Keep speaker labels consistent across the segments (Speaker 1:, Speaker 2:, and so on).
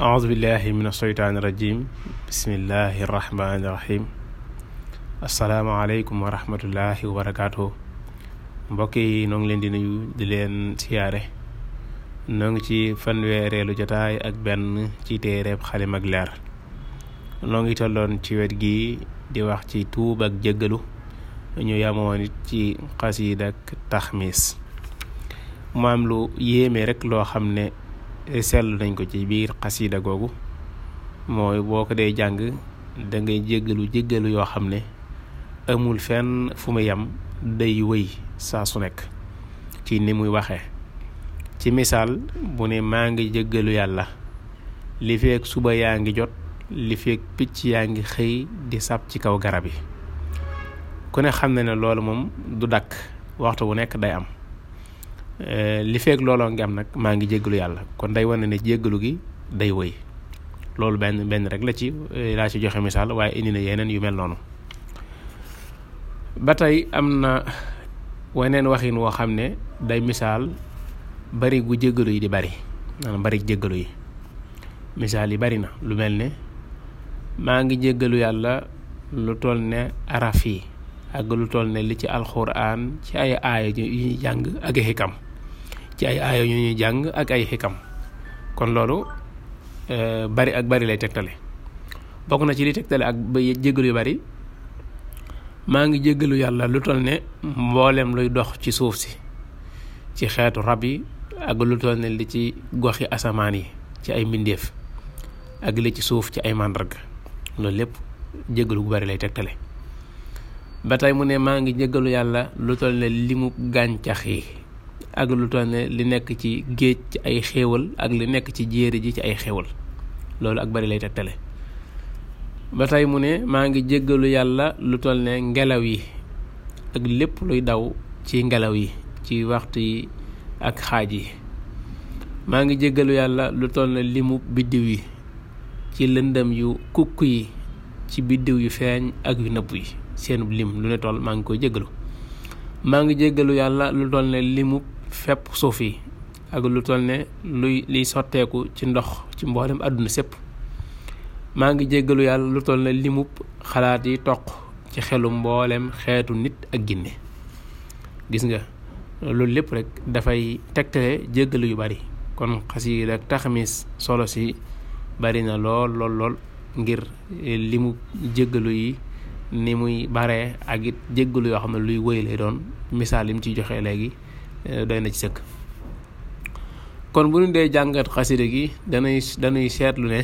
Speaker 1: auzu billahi min asheytaani rajim bismillahi rahmaani rahim asalaamaaleykum wa rahmatullahi wa barakaatu mbokk yi noo leen di nuyu di leen siyaare noo ngi ci fanweereelu jotaay ak benn ci téereeb xalimag leer noo ngi tolloon ci wet gi di wax ci tuub ak jéggalu ñu yamoon it ci xasiid ak taxmiis maam lu yéeme rek loo xam ne Eh, seetlu nañ ko ci biir xasiida googu mooy boo ko dee jàng dangay ngay jéggalu jéggalu yoo xam ne amul fenn fu mu yem day wëy saa su nekk ci ni muy waxee ci misaal bu ne maa ngi jéggalu yàlla li feek suba yaa ngi jot li feek picc yaa ngi xëy di sab ci kaw garab yi ku ne xam na ne loolu moom du dakk waxtu wu nekk day am Eh, li feeg looloo ngi am nag maa ngi jéggalu yàlla kon day wane ne jéggalu gi day woy loolu benn benn rek la ci eh, laa ci joxe misaal waaye indi na yeneen yu mel noonu ba tey am na weneen waxin woo xam ne day misaal bari gu jéggalu yi di bari maanaam bari jéggalu yi misaal yi bari na lu mel ne maa ngi jéggalu yàlla lu toll ne araf yi ak lu toll ne li ci alxuraan ci ay aaya yu ñuy jàng ak xikam ci ay aaya yu ñuy jàng ak ay xikam kon loolu euh, bari ak bari lay tegtale bokk na ci li tegtale ak ba jéggalu yu bari maa ngi jéggalu yàlla lu toll ne mboolem luy dox ci suuf si ci xeetu rab yi ak lu toll ne li ci goxi asamaan yi ci ay mbindeef ak li ci suuf ci ay màndarga loolu lépp jéggalu bu bari lay tegtale ba tey mu ne maa ngi jéggalu yàlla lu toll ne limu gàncax yi ak lu toll ne li nekk ci géej ci ay xéewal ak li nekk ci jéeri ji ci ay xéewal loolu ak bari lay tegtale ba tey mu ne maa ngi jéggalu yàlla lu toll ne ngelaw yi ak lépp luy daw ci ngelaw yi ci waxtu yi ak xaaj yi maa ngi jéggalu yàlla lu toll limu biddiw yi ci lëndëm yu kukk yi ci biddiw yu feeñ ak yu nëbb yi seen lim lu ne toll maa ngi koy jéggalu maa ngi jéggalu yàlla lu toll ne limu fépp suuf yi ak lu toll ne luy liy sotteeku ci ndox ci mboolem àdduna sépp maa ngi jéggalu yàlla lu toll ne limub xalaat yi toq ci xelu mboolem xeetu nit ak ginne gis nga loolu lépp rek dafay tegtale jéggalu yu bari kon xasiida ak taxamis solo si bari na lool lool lool ngir limub jéggalu yi ni muy baree ak it jéggalu yoo xam ne luy wéy lay doon misaal yi mu ciy joxe léegi Eh, doy na ci sëkk kon bu ñu dee jàngat xasida gi danuy dañuy seetlu ne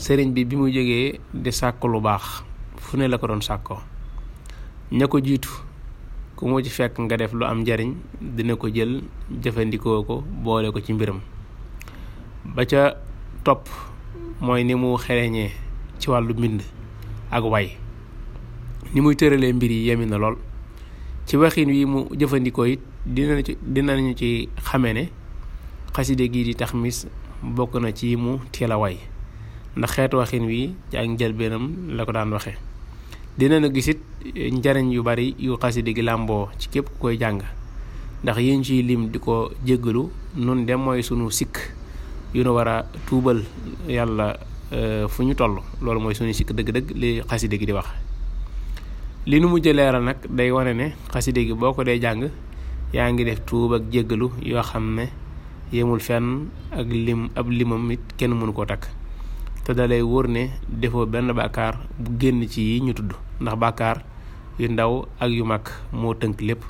Speaker 1: sëriñ bi bi mu jógee di sàkk lu baax fu ne la ko doon sàkkoo ña ko jiitu ku mu ci fekk nga def lu am njariñ dina ko jël jëfandikoo ko boole ko ci mbiram ba ca topp mooy ni mu xereñee ci wàllu mbind ak way ni muy tëralee mbir yi yemi na lool ci waxin wi mu jëfandikoo it dina ci dinañu ci xame ne xasidé gi di taxmis bokk na ci mu teel ndax xeetu waxin wi ci ak njëlbeenam la ko daan waxee dinañu gisit njariñ yu bari yu xaside gi làmboo ci képp ku koy jàng ndax yéen ciy lim di ko jéggalu nun dem mooy sunu sikk yu nu war a tuubal yàlla e, fu ñu toll loolu mooy sunu sikk dëgg-dëgg li xaside gi di wax li nu mujj leeral nag day wane ne xaside gi boo ko dee jàng yaa ngi def tuub ak jéggalu yoo xam ne yemul fenn ak lim ab limam it kenn mënu koo takk te dalay wóor ne defoo benn bàkkaar bu génn ci yi ñu tudd ndax bàkkaar yu ndaw ak yu mag moo tënk lépp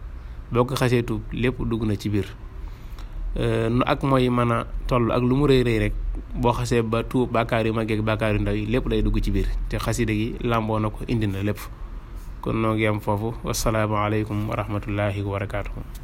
Speaker 1: boo ko xasee tuub lépp dugg na ci biir nu ak mooy mën a toll ak lu mu rëy rëy rek boo xasee ba tuub bàkkaar yu mageek ak yu ndaw yi lépp day dugg ci biir te xasida gi làmboo na ko indi na lépp kon noo ngi am foofu wasalaamaaleykum wa rahmatullahi wa barakaatu.